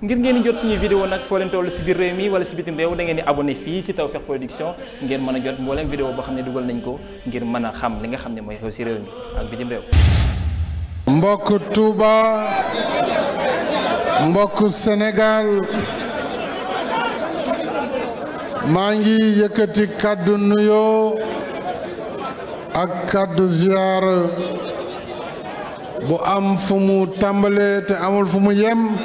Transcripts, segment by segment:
ngir ngeen di jot suñuy vidéo nag foo leen toll si biir réew mi wala si bitim réew da ngeen di abonné fii si Tawfekh Production ngeen mën a jot mbooleem vidéo boo xam ne dugal nañ ko ngir mën a xam li nga xam ne mooy xew si réew mi ak bitim réew mbokk Touba mbokk Sénégal maa ngi yëkkati kàddu nuyoo ak kàddu ziyaar bu am fu mu tàmbalee te amul fu mu yem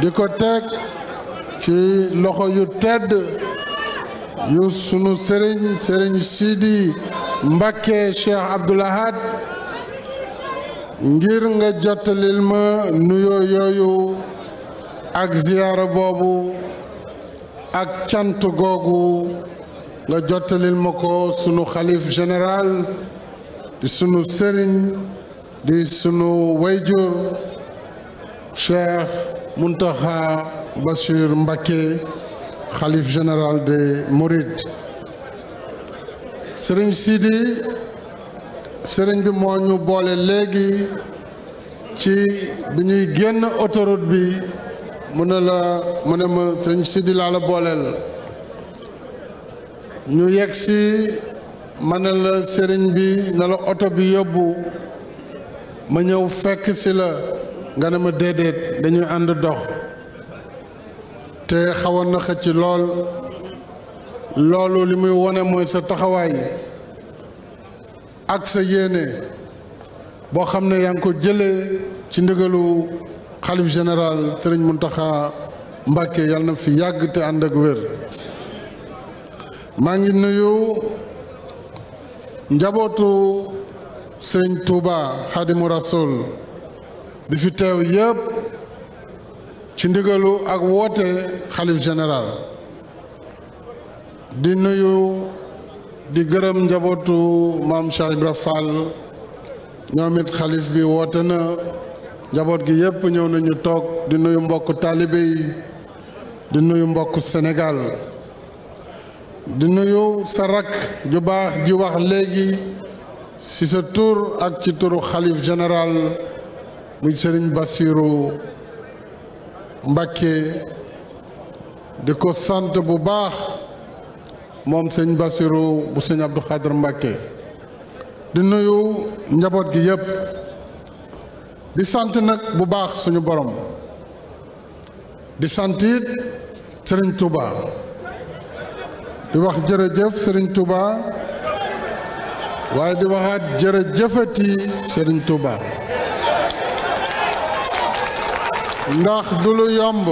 di ko teg ci loxo yu tedd yu sunu sëriñ sëriñ Sidi Mbakke Cheikh Abdoul Ahad ngir nga jottalil ma nuyo yooyu ak ziyaara boobu ak cant googu nga jottalil ma ko sunu xalif général di sunu sëriñ di sunu wayjur Cheikh Muntaha Bachir Mbacké xalif général des Mourides sëriñ Sidi sëriñ bi moo ñu boole léegi ci bi ñuy génn autoroute bi mu ne la mu ne ma sëriñ Sidi laa la booleel ñu yegg ci ma ne la sëriñ bi ne la oto bi yóbbu ma ñëw fekk si la nga ne ma déedéet dañuy ànd dox te xawoon na xëcc lool loolu li muy wone mooy sa taxawaay ak sa yéene boo xam ne yaa ngi ko jëlee ci ndigalu xalif général sëriñ Muntaxa Mbàkke yàlla na fi yàgg te ànd ak wér maa ngi nuyu njabootu sëriñ Tuuba Xaadimu Rasuul di fi teew yëpp ci ndigalu ak woote xalif général di nuyu di gërëm njabootu maam Cheikh Ibra Fall ñoom it xalif bi woote na njaboot gi yëpp ñëw nañu toog di nuyu mbokku taalibe yi di nuyu mbokku Sénégal di nuyu sa rakk ju baax ji wax léegi ci sa tur ak ci turu xalif général muy sëriñ Bassirou Mbacké di ko sant bu baax moom sëñ Bassirou bu sëñ du Khadr Mbacké di nuyu njaboot gi yépp di sant nag bu baax suñu borom di sant sëriñ Serigne Touba di wax jërëjëf sëriñ Touba waaye di waxaat jërëjëfati sëriñ Touba. ndax du yomb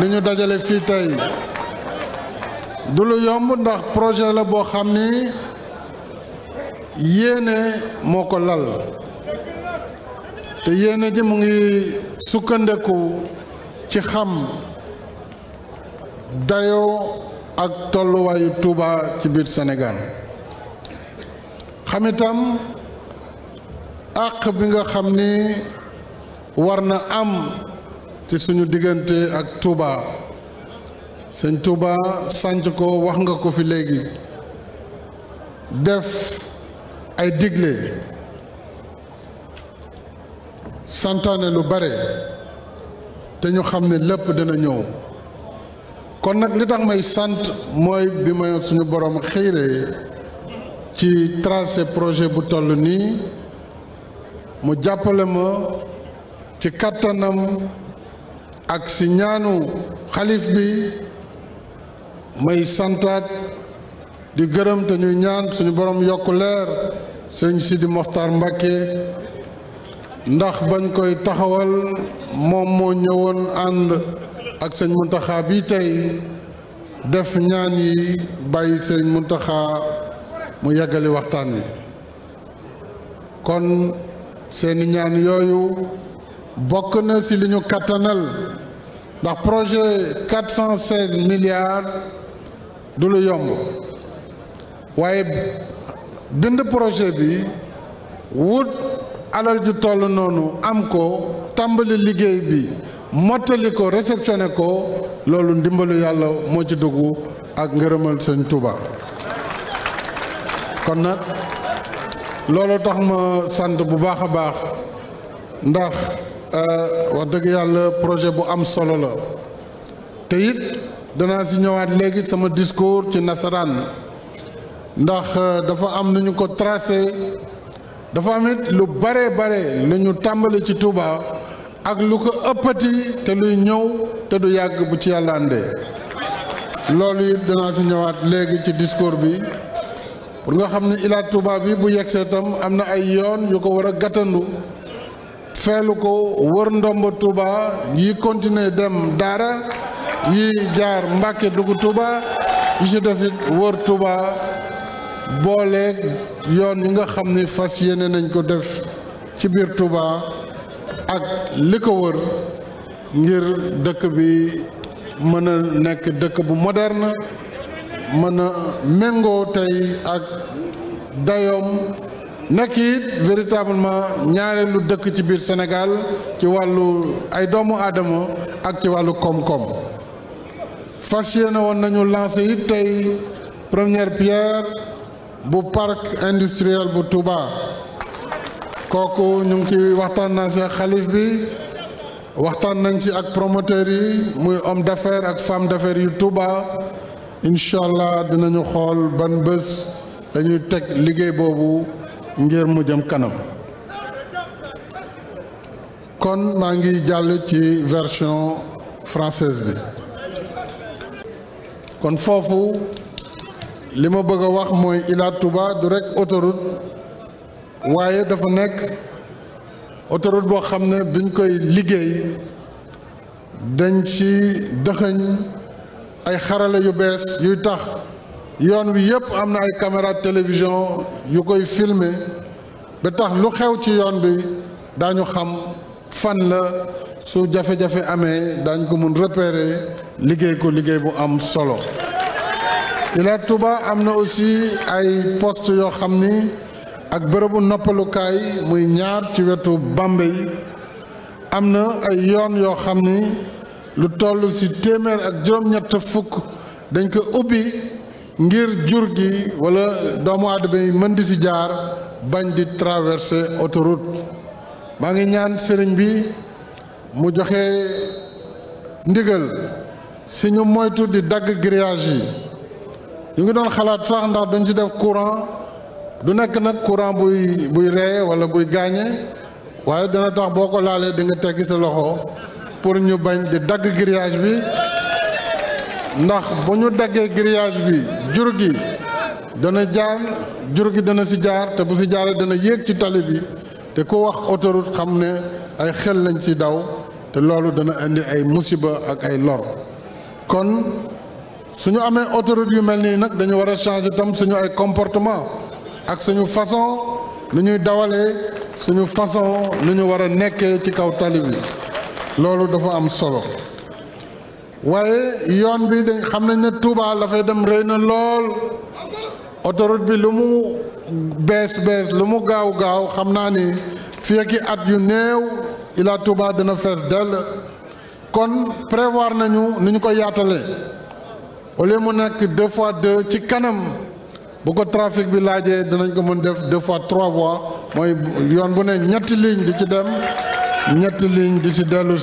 li ñu dajale fii tey du yomb ndax projet la boo xam ni yéene moo ko lal te yéene ji mu ngi sukkandeku ci xam dayoo ak tolluwaayu Touba ci biir Sénégal xam àq bi nga xam ni war na am ci suñu diggante ak Touba sëñ Touba sànc ko wax nga ko fi léegi def ay digle santaane lu bare te ñu xam ne lépp dina ñëw kon nag li tax may sant mooy bi may suñu boroom xiiree ci tracé projet bu toll nii mu jàppale ma ci kàttanam ak si ñaanu xalif bi may santaat di gërëm te ñuy ñaan suñu boroom yokku leer sëriñ Sidi Moxtaar Mbàkke ndax bañ koy taxawal moom moo ñëwoon ànd ak sëñ Muntaxa bi tey def ñaan yi bàyyi sëriñ Muntaxa mu yeggali waxtaan wi kon seeni ñaan yooyu bokk na ci li ñu kattanal ndax projet 416 milliards du lu yomb waaye bind projet bi wut alal ju toll noonu am ko tàmbali liggéey bi mottali ko réceptionné ko loolu ndimbalu yàlla moo ci dugg ak ngërëmal sëñ Touba kon nag loolu tax ma sant bu baax a baax ndax Euh, wax dëgg yàlla projet bu am solo la te it danaa si ñëwaat léegi sama discours ci nasaraan ndax euh, dafa am nañu ko tracé dafa am it lu bare bare lu ñu tàmbali ci Touba ak lu ko ëppati te luy ñëw te du yàgg bu ci yàlla àndee loolu it danaa si ñëwaat léegi ci discours bi pour nga xam ne ilaat Touba bi bu yegsee tam am na ay yoon yu ko war a gàttandu feelu ko wër ndomba Touba yi continuer dem daara yi jaar Mbàkke dugg Touba yi ci desit wër Touba booleeg yoon yi nga xam ni fas yéene nañ ko def ci biir Touba ak li ko wër ngir dëkk bi mën a nekk dëkk bu moderne mën a méngoo tey ak dayoom nekk it véritablement ñaareelu dëkk ci biir Sénégal ci wàllu ay doomu aadama ak ci wàllu koom-koom fas yéene woon nañu lancé it tey première pierre bu parc industriel bu Touba kooku ñu ngi ci waxtaan naa si xalif bi waxtaan nañ ci ak promoteur yi muy homme d'affaires ak femme d'affaires yu Touba incha allah dinañu xool ban bés dañuy teg liggéey boobu ngir mu jëm kanam kon maa ngi jàll ci version francaise bi kon foofu li ma bëgg a wax mooy Ila Touba du rekk autoroute waaye dafa nekk autoroute boo xam ne biñ koy liggéey dañ ci dëxëñ ay xarale yu bees yuy tax yoon wi yëpp am na ay caméra télévision yu koy filme ba tax lu xew ci yoon bi daañu xam fan la su jafe-jafe amee dañ ko mun repérer liggéey ko liggéey bu am solo Ila Touba am na aussi ay poste yoo xam ni ak bërëbu noppalukaay muy ñaar ci wetu Bambey am na ay yoon yoo xam ni lu toll ci téeméer ak juróom-ñett fukk dañ ko ubbi ngir jur gi wala doomu aadama yi mën di ci jaar bañ di traverser autoroute maa ngi ñaan sëriñ bi mu joxe ndigal si ñu moytu di dagg grillage yi ñu ngi doon xalaat sax ndax duñ si def courant du nekk nag courant buy buy ree wala buy gaañe waaye dana tax boo ko laalee dinga nga sa loxo pour ñu bañ di dagg grillage bi ndax bu ñu daggee grillage bi jur gi dana jaar jur gi dana si jaar te bu si jaaree dana yéeg ci tali bi te ku wax autoroute xam ne ay xel lañ si daw te loolu dana indi ay musiba ak ay lor kon suñu amee autoroute yu mel nii nag dañu war a changer tam suñu ay comportement ak suñu façon nu ñuy dawalee suñu façon nu ñu war a nekkee ci kaw tali bi loolu dafa am solo waaye yoon bi dañ xam nañ ne Touba la dem rëy na lool autoroute bi lu mu bees bees lu mu gaaw gaaw xam naa ni fii ak at yu néew Ila Touba dana fees dell kon prévoir nañu ni ñu ko yaatalee au lieu mu nekk deux fois deux ci kanam bu ko trafic bi laajee danañ ko mën def deux fois trois voies mooy yoon bu ne ñetti ligne di ci dem ñetti ligne di ci dellu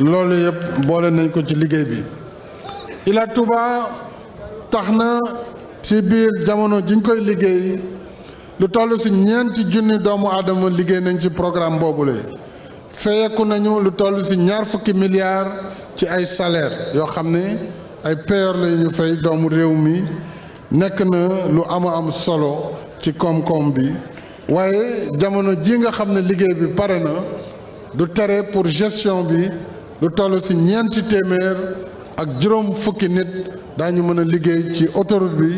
loolu yëpp boole nañ ko ci liggéey bi Ila Touba tax na ci biir jamono jiñ koy liggéey lu toll si ñeenti junni doomu aadama liggéey nañ ci programme boobule feyeku nañu lu toll si ñaar fukki milliards ci ay salaire yoo xam ne ay payeur la ñu fay doomu réew mi nekk na lu am am solo ci koom-koom bi waaye jamono ji nga xam ne liggéey bi pare na du tere pour gestion bi lu toll si ñeenti téeméer ak juróom fukki nit daañu mën a liggéey ci autoroute bi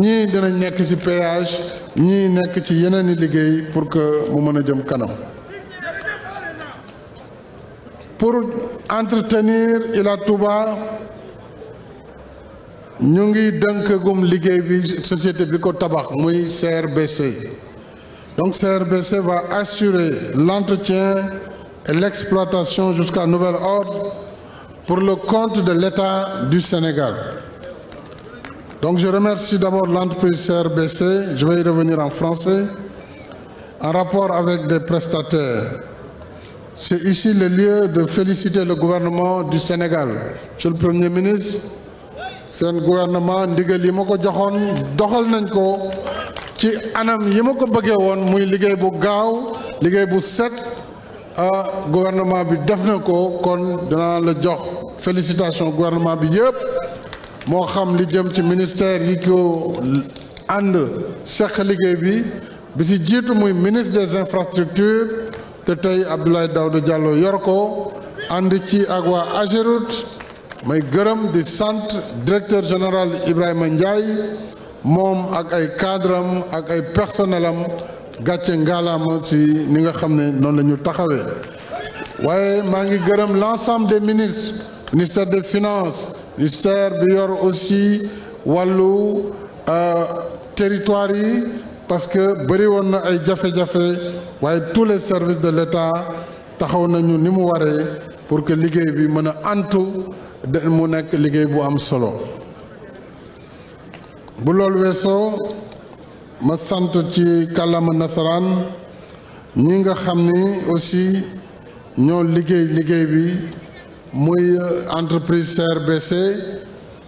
ñii dinañ nekk si péage ñii nekk ci yeneen i liggéey pour que mu mën a jëm kanam pour entretenir la Touba ñu ngi dënk gum liggéey bi société bi ko tabax muy CRBC donc CRBC va assurer l'entretien l'exploitation jusqu'à nouvel ordre pour le compte de l'État du Sénégal. Donc je remercie d'abord l'entreprise CRBC, je vais y revenir en français, en rapport avec des prestataires. C'est ici le lieu de féliciter le gouvernement du Sénégal. Monsieur le Premier ministre, seen gouvernement ndigal yi ma ko joxoon doxal nañ ko ci anam yi ma ko bëggee woon muy liggéey bu gaaw liggéey bu set ah gouvernement bi def na ko kon danaa la jox félicitation gouvernement bi yëpp moo xam li jëm ci ministère yi ko ànd seq liggéey bi bi ci jiitu muy ministre des infrastructures te tey Abdoulaye Daouda Diallo yor ko ànd ci ak waa Ageroute may gërëm di sant directeur général Ibrahima Ndiaye moom ak ay cadram ak ay personnel gàcce ngaalaama si ni nga xam ne noonu la ñu taxawee waaye maa ngi gërëm l'ensemble des ministres ministère de finances ministère bi yor aussi wàllu euh, territoire yi parce que bëri woon na ay jafe-jafe waaye tous les services de l'État taxaw nañu ni mu waree pour que liggéey bi mën a antu de mu nekk liggéey bu am solo bu loolu weesoo ma sant ci kàllaama nasaraan ñi nga xam ni aussi ñoo liggéey liggéey bi muy entreprise CRBC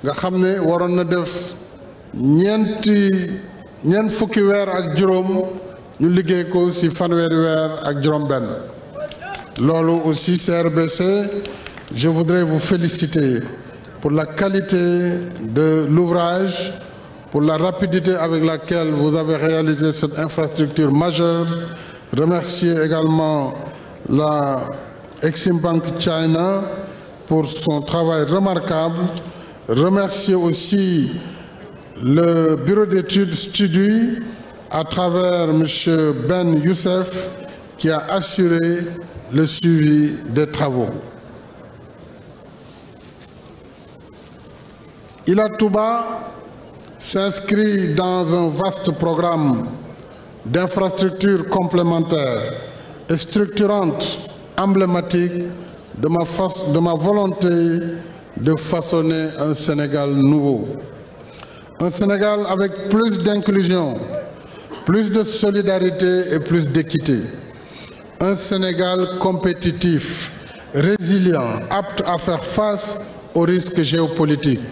nga xam ne waroon na def ñeenti ñeent fukki weer ak juróom ñu liggéey ko ci fanweeri weer ak juróom-benn loolu aussi CRBC je voudrais vous féliciter pour la qualité de l'ouvrage pour la rapidité avec laquelle vous avez réalisé cette infrastructure majeure. Remercier également la Exim Bank China pour son travail remarquable. Remercier aussi le bureau d'études Studi à travers M. Ben Youssef qui a assuré le suivi des travaux. Ila Touba s'inscrit dans un vaste programme d'infrastructures complémentaires et structurantes emblématiques de ma, face, de ma volonté de façonner un Sénégal nouveau. Un Sénégal avec plus d'inclusion, plus de solidarité et plus d'équité. Un Sénégal compétitif, résilient, apte à faire face aux risques géopolitiques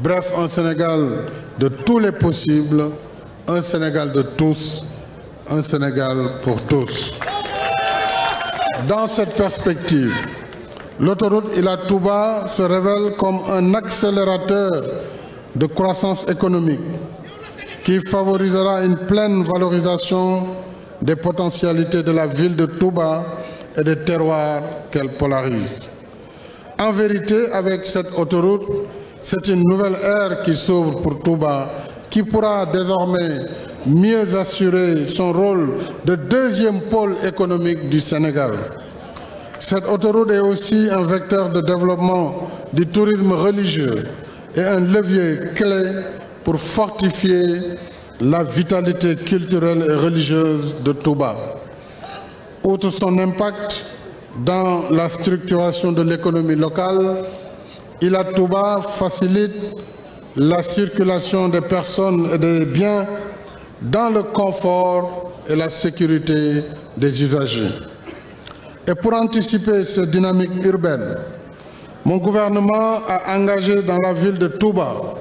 Bref, un Sénégal de tous les possibles, un Sénégal de tous, un Sénégal pour tous. Dans cette perspective, l'autoroute Ila Touba se révèle comme un accélérateur de croissance économique qui favorisera une pleine valorisation des potentialités de la ville de Touba et des terroirs qu'elle polarise. En vérité, avec cette autoroute, C'est une nouvelle ère qui s'ouvre pour Touba, qui pourra désormais mieux assurer son rôle de deuxième pôle économique du Sénégal. Cette autoroute est aussi un vecteur de développement du tourisme religieux et un levier clé pour fortifier la vitalité culturelle et religieuse de Touba. Outre son impact dans la structuration de l'économie locale, Ila Touba facilite la circulation des personnes et biens dans le confort et la sécurité des usagers. Et pour anticiper cette dynamique urbaine, mon gouvernement a engagé dans la ville de Touba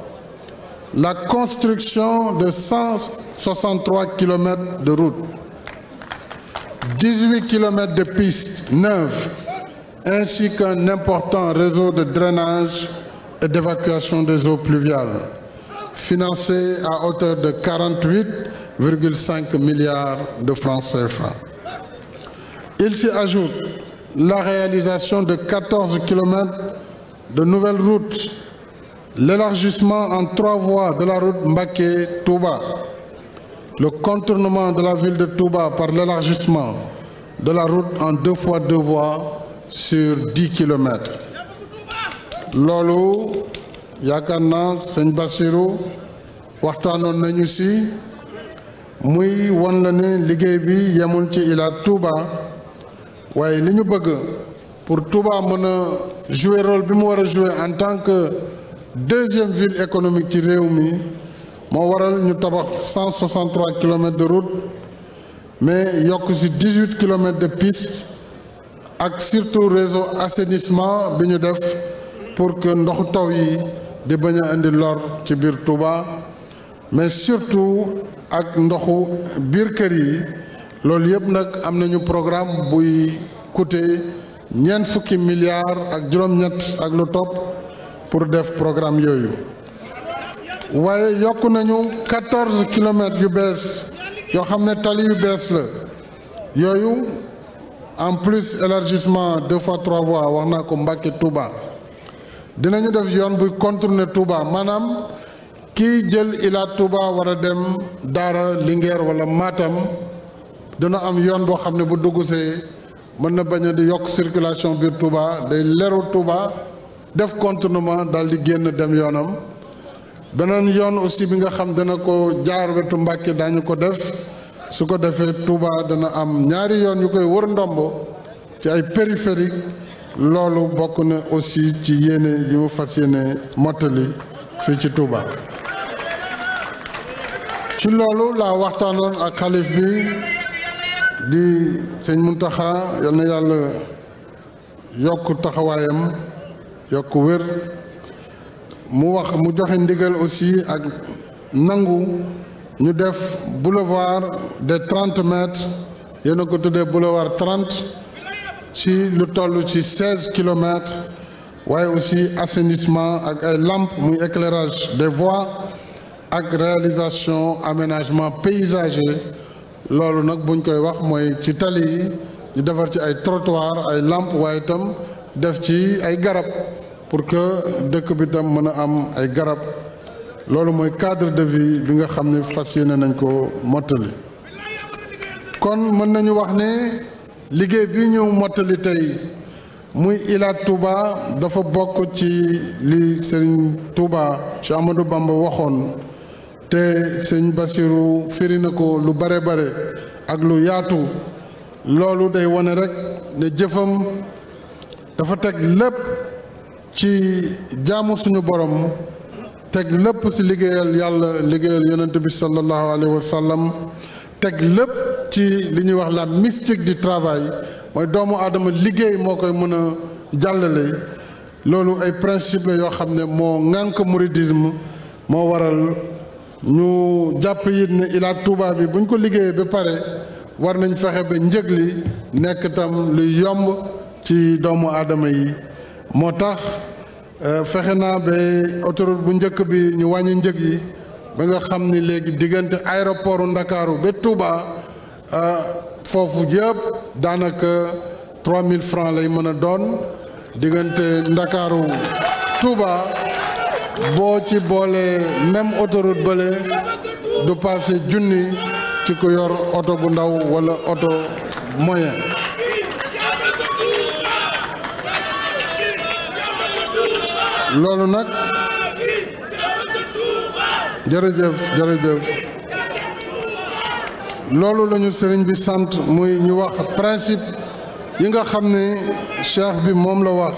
la construction de 163 km de routes, 18 km de pistes neuves ainsi qu'un important réseau de drainage et d'évacuation des eaux pluviales, financé à hauteur de 48,5 milliards de francs CFA. Il s'y ajoute la de 14 km de nouvelles routes, l'élargissement en trois de la route Mbacké-Touba, le contournement de la ville de Touba par l'élargissement de la route en deux fois deux voies sur dix kilomètres loolu yaakaar naa sëñ Bassirou waxtaanoon nañu si muy won la ne liggéey bi yemul ci Ila Touba waaye li ñu bëgg pour Touba mën a jouer bi mu war a en tant que deuxième ville économique ci réew mi moo waral ñu tabax 163 kilomètres de route mais yokk si 18 kilomètres de piste ak surtout réseau assainissement bi ñu def pour que ndoxu taw yi di bañ indi lor ci biir Touba mais surtout ak ndoxu biir kër yi loolu yëpp nag am nañu programme buy coûter ñeent fukki milliards ak juróom ak lu topp pour def programme yooyu waaye yokk nañu quatorze kilomètres yu bees yoo xam ne tali yu bees la yooyu. en plus élargissement deux fois trois voies wax naa ko Mbàkke Touba dinañu def yoon buy contourner Touba maanaam kii jël Ila Touba war a dem Daara Linguère wala Matam dina am yoon boo xam ne bu duggsee mën na bañ a di yokk circulation biir Touba day leru Touba def contournement daal di génn dem yoonam beneen yoon aussi bi nga xam dana ko jaar wetu Mbàkke daañu ko def su ko defee Touba dana am ñaari yoon yu koy wër ndomb ci ay périphérique loolu bokk na aussi ci yéene yi mu fas yéene mottali fii ci Touba ci loolu laa waxtaanoon ak xalif bi di sëñ Muntaxa yal na yàlla yokk taxawaayam yokk wér mu wax mu joxe ndigal aussi ak nangu ñu def boulevard de trente mètres yéen a ko tuddee boulevard trente ci lu toll ci seize kilomètres waaye aussi assainissement ak ay lampes muy éclairage des voies ak réalisation aménagement paysager loolu nag buñ koy wax mooy ci tali yi ñu defar ci ay trottoir ay làmp waaye itam def ci ay garab pour que dëkk bi tam mën a am ay garab loolu mooy cadre de vie bi nga xam ne fas yéene nañ ko mottali kon mën nañu wax ne liggéey bi ñu mottali tey muy ilaat Touba dafa bokk ci li sëriñ Touba Cheikh Amadou Bamba waxoon te sëñ Basiru firi na ko lu bare bare ak lu yaatu loolu day wane rek ne jëfam dafa teg lépp ci jaamu suñu boroom teg lépp ci liggéeyal yàlla liggéeyal yonent bi sallallahu alayhi wa sallam teg lépp ci li ñuy wax la mystique du travail mooy doomu aadama liggéey moo koy mën a jàllale loolu ay principe yoo xam ne moo ŋànk mouridisme moo waral ñu jàpp it ne Ila tubaab yi bu ñu ko liggéeyee ba pare war nañ fexe ba njëg li nekk tam lu yomb ci doomu aadama yi moo tax Euh, fexe naa ba autoroute bu njëkk bi ñu wàññi njëg yi ba nga xam ni léegi diggante aéroport Ndakaaru ba Touba euh, foofu yëpp daanaka 3000 francs lay mën a doon diggante Ndakaaru Touba boo ci boolee même autoroute bële du passé junni ci ko yor oto bu ndaw wala oto moyen loolu nag jërëjëf jërëjëf loolu lañu sëriñ bi sant muy ñu wax principe yi nga xam ni cheikh bi moom la wax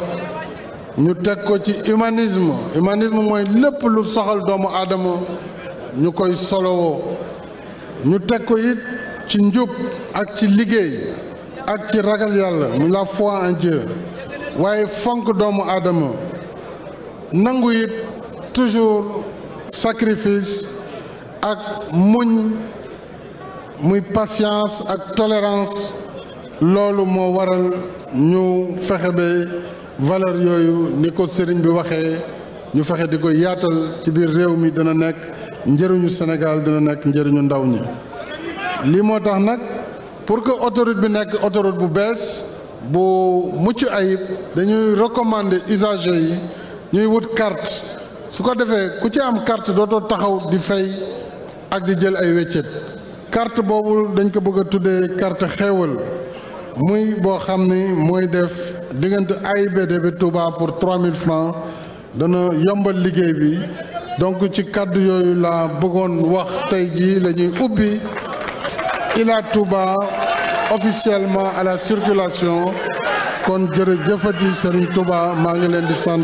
ñu teg ko ci humanisme humanisme mooy lépp lu soxal doomu aadama ñu koy solowoo ñu teg ko it ci njub ak ci liggéey ak ci ragal yàlla muy la foi en Dieu waaye fonk doomu aadama nangu it toujours sacrifice ak muñ muy patience ak tolérance loolu moo waral ñu fexe ba valeur yooyu ni ko sëriñ bi waxee ñu fexe di ko yaatal ci biir réew mi dana nekk njëriñu Sénégal dana nekk njëriñu ndaw ñi lii moo tax nag pour que autoroute bi nekk autoroute bu bees bu mucc ayib dañuy recommander usagers yi ñuy wut carte su ko defee ku ci am carte dootoo taxaw di fay ak di jël ay weccet carte boobu dañ ko bëgg a tuddee carte xéewal muy boo xam ni mooy def diggante AIBD bi Touba pour 3000 francs dana yombal liggéey bi donc ci kàddu yooyu laa bëggoon wax tey jii la ñuy ubbi Ila Touba officiellement à la circulation kon jërëjëfati Serigne Touba maa ngi leen di sant.